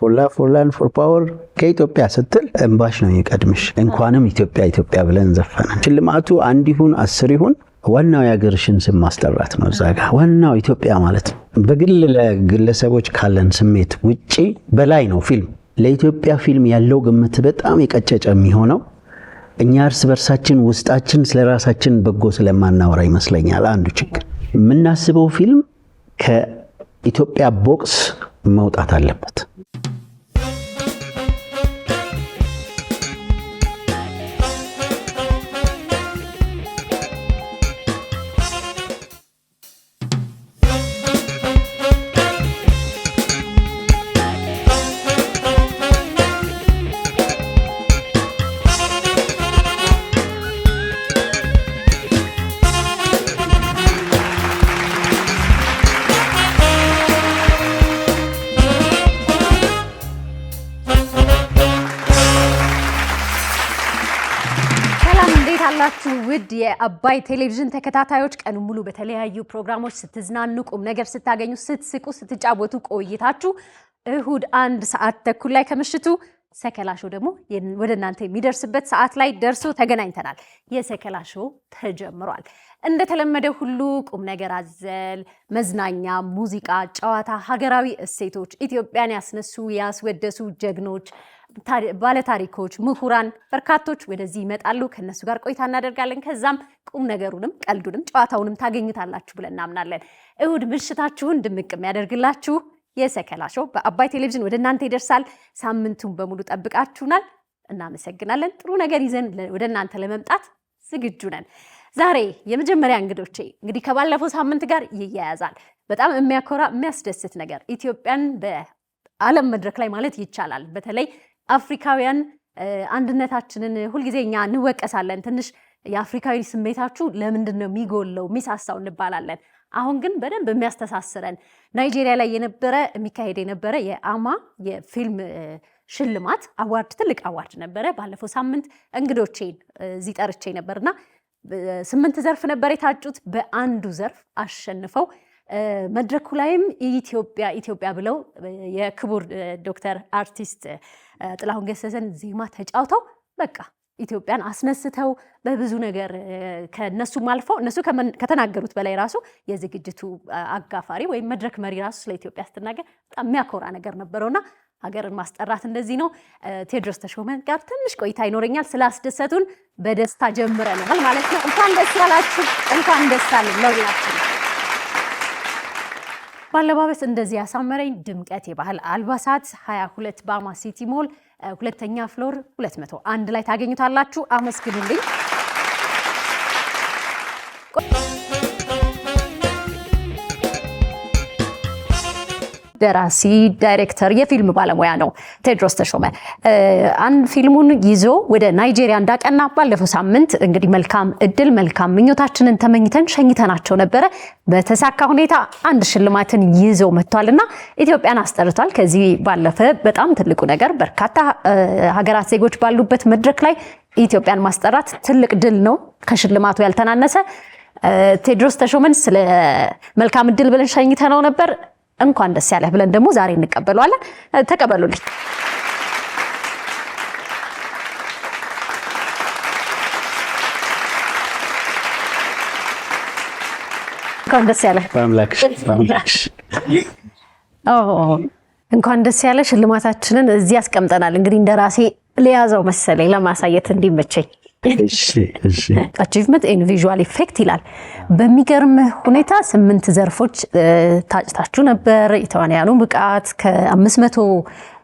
ፎላ ፎላን ፎር ፓወር ከኢትዮጵያ ስትል እንባሽ ነው የቀድምሽ። እንኳንም ኢትዮጵያ ኢትዮጵያ ብለን ዘፈነ። ሽልማቱ አንድ ይሁን አስር ይሁን ዋናው የሀገርሽን ስም ማስጠራት ነው። እዛ ጋር ዋናው ኢትዮጵያ ማለት ነው። በግል ለግለሰቦች ካለን ስሜት ውጪ በላይ ነው ፊልም። ለኢትዮጵያ ፊልም ያለው ግምት በጣም የቀጨጨ የሚሆነው እኛ እርስ በርሳችን ውስጣችን ስለ ራሳችን በጎ ስለማናወራ ይመስለኛል። አንዱ ችግር የምናስበው ፊልም ከኢትዮጵያ ቦክስ መውጣት አለበት። ውድ የአባይ ቴሌቪዥን ተከታታዮች ቀኑ ሙሉ በተለያዩ ፕሮግራሞች ስትዝናኑ፣ ቁም ነገር ስታገኙ፣ ስትስቁ፣ ስትጫወቱ ቆይታችሁ እሁድ አንድ ሰዓት ተኩል ላይ ከምሽቱ ሰከላ ሾው ደግሞ ወደ እናንተ የሚደርስበት ሰዓት ላይ ደርሶ ተገናኝተናል። የሰከላ ሾው ተጀምሯል። እንደተለመደ ሁሉ ቁም ነገር አዘል መዝናኛ፣ ሙዚቃ፣ ጨዋታ፣ ሀገራዊ እሴቶች ኢትዮጵያን ያስነሱ ያስወደሱ ጀግኖች ባለታሪኮች፣ ምሁራን በርካቶች ወደዚህ ይመጣሉ። ከነሱ ጋር ቆይታ እናደርጋለን። ከዛም ቁም ነገሩንም ቀልዱንም ጨዋታውንም ታገኙታላችሁ ብለን እናምናለን። እሁድ ምሽታችሁን ድምቅ የሚያደርግላችሁ የሰከላ ሾው በአባይ ቴሌቪዥን ወደ እናንተ ይደርሳል። ሳምንቱን በሙሉ ጠብቃችሁናል። እናመሰግናለን። ጥሩ ነገር ይዘን ወደ እናንተ ለመምጣት ዝግጁ ነን። ዛሬ የመጀመሪያ እንግዶቼ እንግዲህ ከባለፈው ሳምንት ጋር ይያያዛል። በጣም የሚያኮራ የሚያስደስት ነገር ኢትዮጵያን በዓለም መድረክ ላይ ማለት ይቻላል በተለይ አፍሪካውያን አንድነታችንን ሁልጊዜ እኛ እንወቀሳለን። ትንሽ የአፍሪካዊ ስሜታችሁ ለምንድን ነው የሚጎለው የሚሳሳው እንባላለን። አሁን ግን በደንብ የሚያስተሳስረን ናይጄሪያ ላይ የነበረ የሚካሄድ የነበረ የአማ የፊልም ሽልማት አዋርድ ትልቅ አዋርድ ነበረ። ባለፈው ሳምንት እንግዶቼን እዚህ ጠርቼ ነበርና ስምንት ዘርፍ ነበር የታጩት። በአንዱ ዘርፍ አሸንፈው መድረኩ ላይም ኢትዮጵያ ኢትዮጵያ ብለው የክቡር ዶክተር አርቲስት ጥላሁን ገሰሰን ዜማ ተጫውተው በቃ ኢትዮጵያን አስነስተው በብዙ ነገር ከነሱም አልፎ እነሱ ከተናገሩት በላይ ራሱ የዝግጅቱ አጋፋሪ ወይም መድረክ መሪ ራሱ ስለ ኢትዮጵያ ስትናገር በጣም የሚያኮራ ነገር ነበረውና ሀገርን ማስጠራት እንደዚህ ነው። ቴዎድሮስ ተሾመ ጋር ትንሽ ቆይታ ይኖረኛል። ስላስደሰቱን በደስታ ጀምረናል ማለት ነው። እንኳን ደስ ያላችሁ፣ እንኳን ደስ አለን። ባለባበስ እንደዚህ ያሳመረኝ ድምቀት የባህል አልባሳት 22 ባማ ሲቲ ሞል ሁለተኛ ፍሎር 201 ላይ ታገኙታላችሁ። አመስግኑልኝ። ደራሲ፣ ዳይሬክተር፣ የፊልም ባለሙያ ነው ቴድሮስ ተሾመ። አንድ ፊልሙን ይዞ ወደ ናይጄሪያ እንዳቀና ባለፈው ሳምንት እንግዲህ መልካም እድል መልካም ምኞታችንን ተመኝተን ሸኝተናቸው ነበረ። በተሳካ ሁኔታ አንድ ሽልማትን ይዞ መጥቷልና ኢትዮጵያን አስጠርቷል። ከዚህ ባለፈ በጣም ትልቁ ነገር በርካታ ሀገራት ዜጎች ባሉበት መድረክ ላይ ኢትዮጵያን ማስጠራት ትልቅ ድል ነው፣ ከሽልማቱ ያልተናነሰ። ቴድሮስ ተሾመን ስለ መልካም እድል ብለን ሸኝተነው ነበር። እንኳን ደስ ያለህ ብለን ደግሞ ዛሬ እንቀበለዋለን። ተቀበሉልኝ። እንኳን ደስ ያለህ። እንኳን ደስ ያለህ። ሽልማታችንን እዚህ ያስቀምጠናል። እንግዲህ እንደራሴ ሊያዘው መሰለኝ ለማሳየት እንዲመቸኝ አቺቭመንት ኤን ቪዥዋል ኢፌክት ይላል። በሚገርም ሁኔታ ስምንት ዘርፎች ታጭታችሁ ነበር። የተዋንያኑ ብቃት ከአምስት መቶ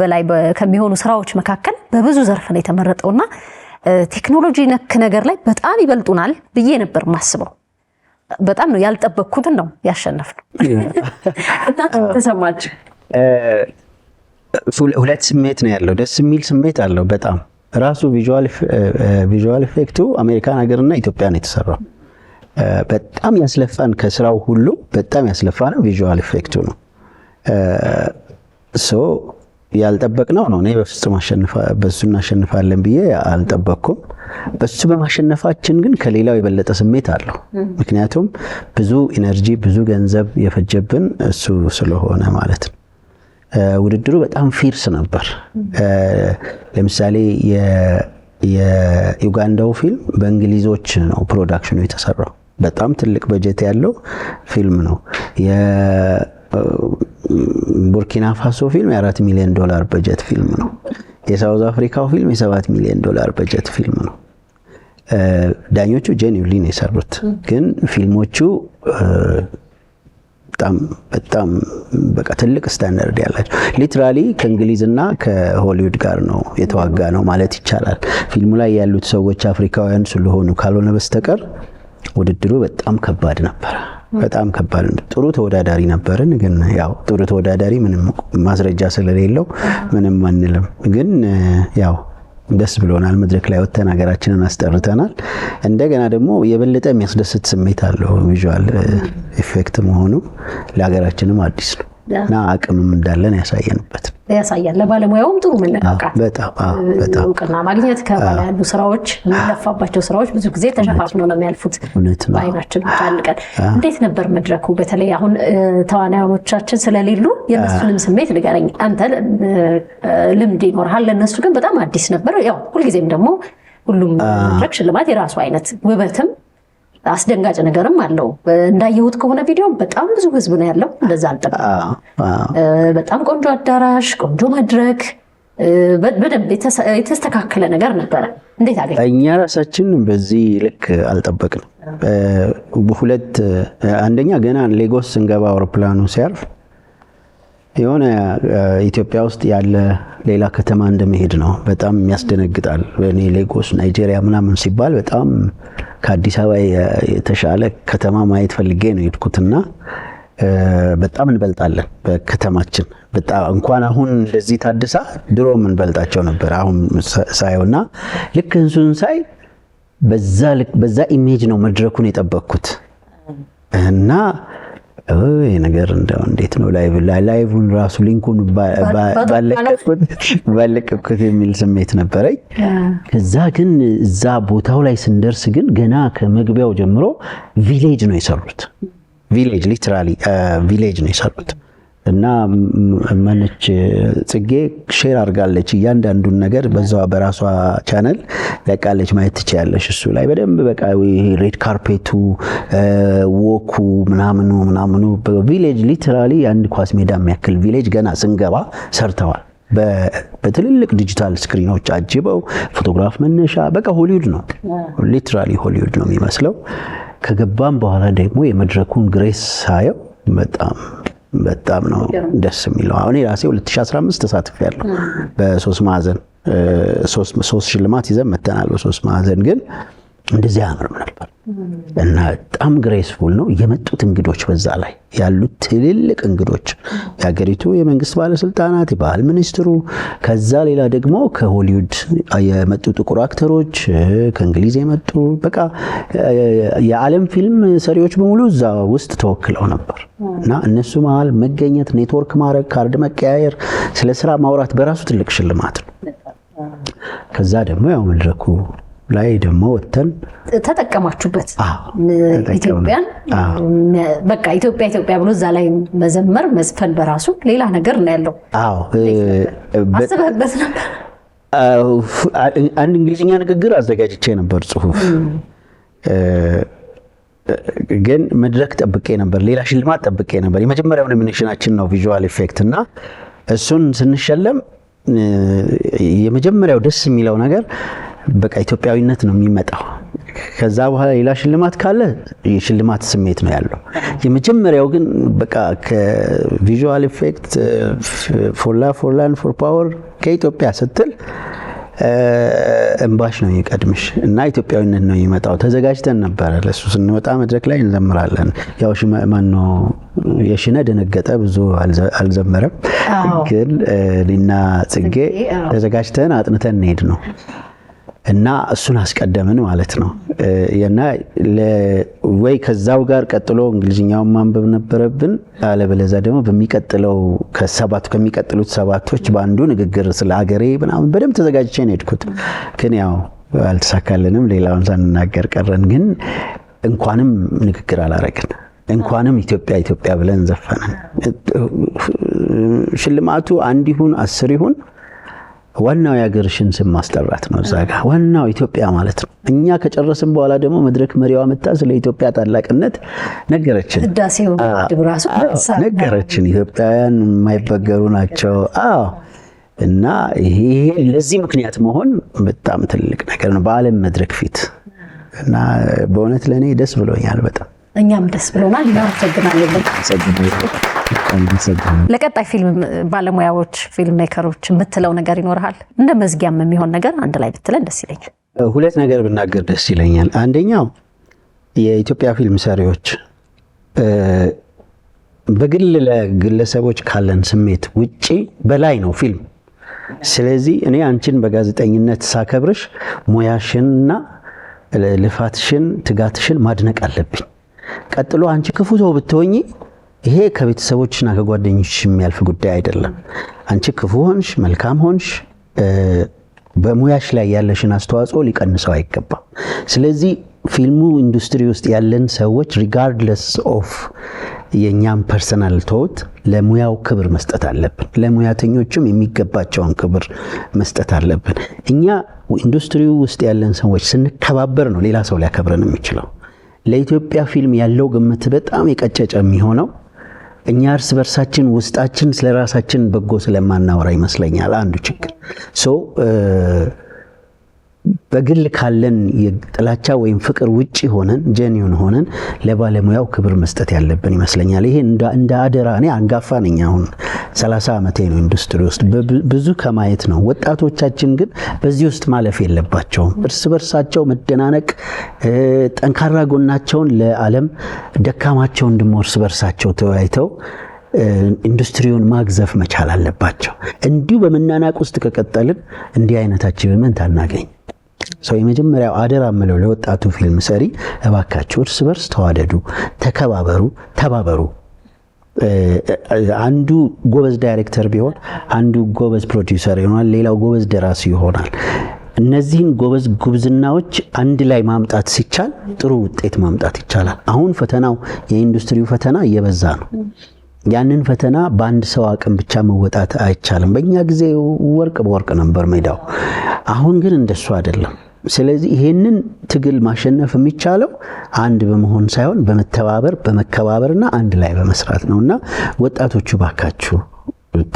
በላይ ከሚሆኑ ስራዎች መካከል በብዙ ዘርፍ ነው የተመረጠው እና ቴክኖሎጂ ነክ ነገር ላይ በጣም ይበልጡናል ብዬ ነበር ማስበው። በጣም ነው ያልጠበቅኩትን ነው ያሸነፍነው። እና ተሰማችሁ ሁለት ስሜት ነው ያለው። ደስ የሚል ስሜት አለው በጣም ራሱ ቪዥዋል ኢፌክቱ አሜሪካን ሀገርና ኢትዮጵያ ነው የተሰራው። በጣም ያስለፋን ከስራው ሁሉ በጣም ያስለፋ ነው ቪዥዋል ኢፌክቱ ነው። ሶ ያልጠበቅነው ነው። እኔ በፍጹም በሱ እናሸንፋለን ብዬ አልጠበቅኩም። በሱ በማሸነፋችን ግን ከሌላው የበለጠ ስሜት አለው። ምክንያቱም ብዙ ኢነርጂ ብዙ ገንዘብ የፈጀብን እሱ ስለሆነ ማለት ነው። ውድድሩ በጣም ፊርስ ነበር። ለምሳሌ የዩጋንዳው ፊልም በእንግሊዞች ነው ፕሮዳክሽኑ የተሰራው። በጣም ትልቅ በጀት ያለው ፊልም ነው። የቡርኪና ፋሶ ፊልም የአራት ሚሊዮን ዶላር በጀት ፊልም ነው። የሳውዝ አፍሪካው ፊልም የሰባት ሚሊዮን ዶላር በጀት ፊልም ነው። ዳኞቹ ጄኒውሊ የሰሩት፣ ግን ፊልሞቹ በጣም በጣም በቃ ትልቅ ስታንዳርድ ያላቸው ሊትራሊ ከእንግሊዝና ከሆሊውድ ጋር ነው የተዋጋ ነው ማለት ይቻላል። ፊልሙ ላይ ያሉት ሰዎች አፍሪካውያን ስለሆኑ ካልሆነ በስተቀር ውድድሩ በጣም ከባድ ነበረ። በጣም ከባድ ጥሩ ተወዳዳሪ ነበርን። ግን ያው ጥሩ ተወዳዳሪ ምንም ማስረጃ ስለሌለው ምንም አንልም። ግን ያው ደስ ብሎናል። መድረክ ላይ ወጥተን ሀገራችንን አስጠርተናል። እንደገና ደግሞ የበለጠ የሚያስደስት ስሜት አለው ቪዥዋል ኢፌክት መሆኑ ለሀገራችንም አዲስ ነው እና አቅምም እንዳለን ያሳየንበት ያሳያል። ለባለሙያውም ጥሩ መነቃቃት እውቅና ማግኘት ከኋላ ያሉ ስራዎች የሚለፋባቸው ስራዎች ብዙ ጊዜ ተሸፋፍኖ ነው የሚያልፉት በአይናችን ጫልቀን። እንዴት ነበር መድረኩ? በተለይ አሁን ተዋናዮቻችን ስለሌሉ የነሱንም ስሜት ንገረኝ። አንተ ልምድ ይኖርሃል፣ ለነሱ ግን በጣም አዲስ ነበር። ያው ሁልጊዜም ደግሞ ሁሉም መድረክ ሽልማት የራሱ አይነት ውበትም አስደንጋጭ ነገርም አለው። እንዳየሁት ከሆነ ቪዲዮ በጣም ብዙ ህዝብ ነው ያለው። እንደዛ አልጠበቅኩም። በጣም ቆንጆ አዳራሽ፣ ቆንጆ መድረክ፣ በደንብ የተስተካከለ ነገር ነበረ። እንዴት አገኘ? እኛ ራሳችን በዚህ ልክ አልጠበቅንም። በሁለት አንደኛ ገና ሌጎስ ስንገባ አውሮፕላኑ ሲያርፍ የሆነ ኢትዮጵያ ውስጥ ያለ ሌላ ከተማ እንደመሄድ ነው። በጣም ያስደነግጣል። እኔ ሌጎስ ናይጄሪያ ምናምን ሲባል በጣም ከአዲስ አበባ የተሻለ ከተማ ማየት ፈልጌ ነው የሄድኩትና በጣም እንበልጣለን በከተማችን። በጣም እንኳን አሁን እንደዚህ ታድሳ ድሮ የምንበልጣቸው ነበር። አሁን ሳየውና ልክ እንሱን ሳይ በዛ ኢሜጅ ነው መድረኩን የጠበቅኩት እና ነገር እንደው እንዴት ነው ላይቭን ራሱ ሊንኩን ባለቀኩት የሚል ስሜት ነበረኝ። ከዛ ግን እዛ ቦታው ላይ ስንደርስ ግን ገና ከመግቢያው ጀምሮ ቪሌጅ ነው የሰሩት። ቪሌጅ ሊትራሊ ቪሌጅ ነው የሰሩት። እና መነች ጽጌ ሼር አድርጋለች እያንዳንዱን ነገር በዛዋ በራሷ ቻነል ለቃለች። ማየት ትችያለሽ። እሱ ላይ በደንብ በቃ ሬድ ካርፔቱ ወኩ ምናምኑ ምናምኑ ቪሌጅ ሊትራሊ አንድ ኳስ ሜዳ የሚያክል ቪሌጅ ገና ስንገባ ሰርተዋል። በትልልቅ ዲጂታል ስክሪኖች አጅበው ፎቶግራፍ መነሻ በቃ ሆሊውድ ነው፣ ሊትራሊ ሆሊውድ ነው የሚመስለው። ከገባም በኋላ ደግሞ የመድረኩን ግሬስ ሳየው በጣም በጣም ነው ደስ የሚለው። አሁን ራሴ 2015 ተሳትፍ ያለው በሶስት ማዕዘን ሶስት ሽልማት ይዘን መተናል። በሶስት ማዕዘን ግን እንደዚህ አያምርም ነበር እና በጣም ግሬስፉል ነው የመጡት እንግዶች። በዛ ላይ ያሉት ትልልቅ እንግዶች የሀገሪቱ የመንግስት ባለስልጣናት፣ የባህል ሚኒስትሩ፣ ከዛ ሌላ ደግሞ ከሆሊውድ የመጡ ጥቁር አክተሮች፣ ከእንግሊዝ የመጡ በቃ የዓለም ፊልም ሰሪዎች በሙሉ እዛ ውስጥ ተወክለው ነበር እና እነሱ መሀል መገኘት፣ ኔትወርክ ማድረግ፣ ካርድ መቀያየር፣ ስለ ስራ ማውራት በራሱ ትልቅ ሽልማት ነው። ከዛ ደግሞ ያው መድረኩ ላይ ደግሞ ወተን ተጠቀማችሁበት። ኢትዮጵያን በቃ ኢትዮጵያ ኢትዮጵያ ብሎ እዛ ላይ መዘመር መዝፈን በራሱ ሌላ ነገር ነው ያለው። አስበህበት ነበር? አንድ እንግሊዝኛ ንግግር አዘጋጅቼ ነበር ጽሁፍ፣ ግን መድረክ ጠብቄ ነበር፣ ሌላ ሽልማት ጠብቄ ነበር። የመጀመሪያው ኖሚኔሽናችን ነው ቪዥዋል ኢፌክት እና እሱን ስንሸለም የመጀመሪያው ደስ የሚለው ነገር በቃ ኢትዮጵያዊነት ነው የሚመጣው። ከዛ በኋላ ሌላ ሽልማት ካለ የሽልማት ስሜት ነው ያለው። የመጀመሪያው ግን በቃ ከቪዥዋል ኢፌክት ፎላ ፎላን ፎር ፓወር ከኢትዮጵያ ስትል እንባሽ ነው የቀድምሽ እና ኢትዮጵያዊነት ነው የሚመጣው። ተዘጋጅተን ነበረ ለሱ ስንወጣ መድረክ ላይ እንዘምራለን። ያው ማነው የሽነ ደነገጠ ብዙ አልዘመረም፣ ግን እኔና ጽጌ ተዘጋጅተን አጥንተን እንሄድ ነው እና እሱን አስቀደምን ማለት ነው። እና ወይ ከዛው ጋር ቀጥሎ እንግሊዝኛውን ማንበብ ነበረብን፣ አለበለዛ ደግሞ በሚቀጥለው ከሰባቱ ከሚቀጥሉት ሰባቶች በአንዱ ንግግር ስለ ሀገሬ ምናምን በደንብ ተዘጋጅቼ ነው የሄድኩት። ግን ያው አልተሳካልንም፣ ሌላውን ሳንናገር ቀረን። ግን እንኳንም ንግግር አላረግን እንኳንም ኢትዮጵያ ኢትዮጵያ ብለን ዘፈንን። ሽልማቱ አንድ ይሁን አስር ይሁን ዋናው የሀገርሽን ስም ማስጠራት ነው። እዛ ጋር ዋናው ኢትዮጵያ ማለት ነው። እኛ ከጨረስን በኋላ ደግሞ መድረክ መሪዋ መታ ስለ ኢትዮጵያ ታላቅነት ነገረችን ነገረችን። ኢትዮጵያውያን የማይበገሩ ናቸው። አዎ እና ይሄ ለዚህ ምክንያት መሆን በጣም ትልቅ ነገር ነው በዓለም መድረክ ፊት እና በእውነት ለእኔ ደስ ብሎኛል በጣም እኛም ደስ ብሎናል። እናመሰግናለን። ለቀጣይ ፊልም ባለሙያዎች ፊልም ሜከሮች የምትለው ነገር ይኖርሃል? እንደ መዝጊያም የሚሆን ነገር አንድ ላይ ብትለን ደስ ይለኛል። ሁለት ነገር ብናገር ደስ ይለኛል። አንደኛው የኢትዮጵያ ፊልም ሰሪዎች በግል ለግለሰቦች ካለን ስሜት ውጪ በላይ ነው ፊልም። ስለዚህ እኔ አንቺን በጋዜጠኝነት ሳከብርሽ ሙያሽንና ልፋትሽን ትጋትሽን ማድነቅ አለብኝ። ቀጥሎ አንቺ ክፉ ሰው ብትሆኚ ይሄ ከቤተሰቦችና ከጓደኞች የሚያልፍ ጉዳይ አይደለም። አንቺ ክፉ ሆንሽ መልካም ሆንሽ በሙያሽ ላይ ያለሽን አስተዋጽኦ ሊቀንሰው አይገባም። ስለዚህ ፊልሙ ኢንዱስትሪ ውስጥ ያለን ሰዎች ሪጋርድለስ ኦፍ የእኛም ፐርሰናል ቶት ለሙያው ክብር መስጠት አለብን። ለሙያተኞችም የሚገባቸውን ክብር መስጠት አለብን። እኛ ኢንዱስትሪው ውስጥ ያለን ሰዎች ስንከባበር ነው ሌላ ሰው ሊያከብረን የሚችለው። ለኢትዮጵያ ፊልም ያለው ግምት በጣም የቀጨጨ የሚሆነው እኛ እርስ በርሳችን ውስጣችን ስለ ራሳችን በጎ ስለማናወራ ይመስለኛል አንዱ ችግር። በግል ካለን የጥላቻ ወይም ፍቅር ውጭ ሆነን ጀኒውን ሆነን ለባለሙያው ክብር መስጠት ያለብን ይመስለኛል። ይሄ እንደ አደራ እኔ አንጋፋ ነኝ አሁን ሰላሳ ዓመቴ ነው ኢንዱስትሪ ውስጥ ብዙ ከማየት ነው። ወጣቶቻችን ግን በዚህ ውስጥ ማለፍ የለባቸውም። እርስ በርሳቸው መደናነቅ፣ ጠንካራ ጎናቸውን ለዓለም ደካማቸውን ደግሞ እርስ በርሳቸው ተወያይተው ኢንዱስትሪውን ማግዘፍ መቻል አለባቸው። እንዲሁ በመናናቅ ውስጥ ከቀጠልን እንዲህ አይነት አቺቭመንት አናገኝ። ሰው የመጀመሪያው አደራ የምለው ለወጣቱ ፊልም ሰሪ እባካችሁ እርስ በርስ ተዋደዱ፣ ተከባበሩ፣ ተባበሩ። አንዱ ጎበዝ ዳይሬክተር ቢሆን አንዱ ጎበዝ ፕሮዲውሰር ይሆናል፣ ሌላው ጎበዝ ደራሲ ይሆናል። እነዚህን ጎበዝ ጉብዝናዎች አንድ ላይ ማምጣት ሲቻል ጥሩ ውጤት ማምጣት ይቻላል። አሁን ፈተናው የኢንዱስትሪው ፈተና እየበዛ ነው። ያንን ፈተና በአንድ ሰው አቅም ብቻ መወጣት አይቻልም። በእኛ ጊዜ ወርቅ በወርቅ ነበር ሜዳው። አሁን ግን እንደሱ አይደለም። ስለዚህ ይሄንን ትግል ማሸነፍ የሚቻለው አንድ በመሆን ሳይሆን በመተባበር በመከባበርና አንድ ላይ በመስራት ነው እና ወጣቶቹ ባካችሁ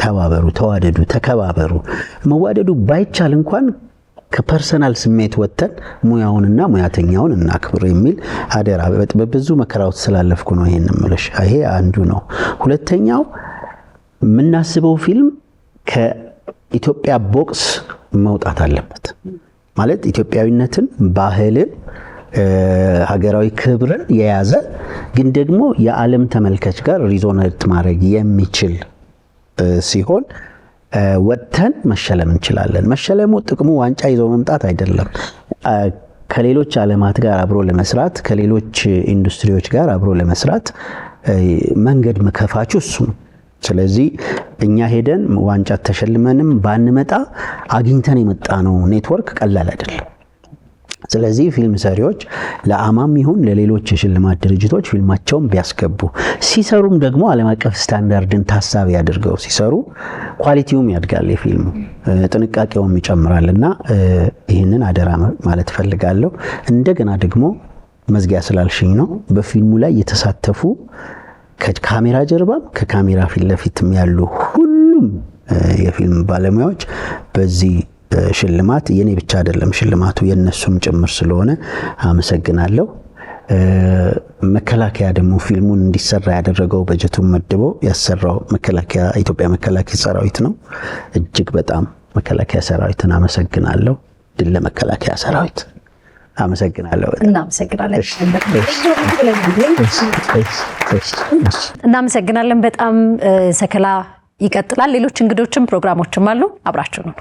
ተባበሩ፣ ተዋደዱ፣ ተከባበሩ። መዋደዱ ባይቻል እንኳን ከፐርሰናል ስሜት ወጥተን ሙያውንና ሙያተኛውን እናክብር የሚል አደራ። በብዙ መከራዎች ስላለፍኩ ነው ይሄን እምልሽ። ይሄ አንዱ ነው። ሁለተኛው የምናስበው ፊልም ከኢትዮጵያ ቦክስ መውጣት አለበት። ማለት ኢትዮጵያዊነትን፣ ባህልን፣ ሀገራዊ ክብርን የያዘ ግን ደግሞ የዓለም ተመልካች ጋር ሪዞነት ማድረግ የሚችል ሲሆን ወጥተን መሸለም እንችላለን። መሸለሙ ጥቅሙ ዋንጫ ይዞ መምጣት አይደለም። ከሌሎች ዓለማት ጋር አብሮ ለመስራት ከሌሎች ኢንዱስትሪዎች ጋር አብሮ ለመስራት መንገድ መከፋች እሱ ነው። ስለዚህ እኛ ሄደን ዋንጫ ተሸልመንም ባንመጣ አግኝተን የመጣ ነው። ኔትወርክ ቀላል አይደለም። ስለዚህ ፊልም ሰሪዎች ለአማም ይሁን ለሌሎች የሽልማት ድርጅቶች ፊልማቸውን ቢያስገቡ ሲሰሩም ደግሞ ዓለም አቀፍ ስታንዳርድን ታሳቢ አድርገው ሲሰሩ ኳሊቲውም ያድጋል፣ የፊልሙ ጥንቃቄውም ይጨምራል እና ይህንን አደራ ማለት እፈልጋለሁ። እንደገና ደግሞ መዝጊያ ስላልሽኝ ነው በፊልሙ ላይ የተሳተፉ ከካሜራ ጀርባም ከካሜራ ፊት ለፊትም ያሉ ሁሉም የፊልም ባለሙያዎች በዚህ ሽልማት የኔ ብቻ አይደለም ሽልማቱ የነሱም ጭምር ስለሆነ አመሰግናለሁ። መከላከያ ደግሞ ፊልሙን እንዲሰራ ያደረገው በጀቱን መድቦ ያሰራው መከላከያ ኢትዮጵያ መከላከያ ሰራዊት ነው። እጅግ በጣም መከላከያ ሰራዊትን አመሰግናለሁ። ድል ለመከላከያ ሰራዊት! አመሰግናለሁ። እናመሰግናለን። በጣም ሰከላ ይቀጥላል። ሌሎች እንግዶችም ፕሮግራሞችም አሉ። አብራችሁ ነው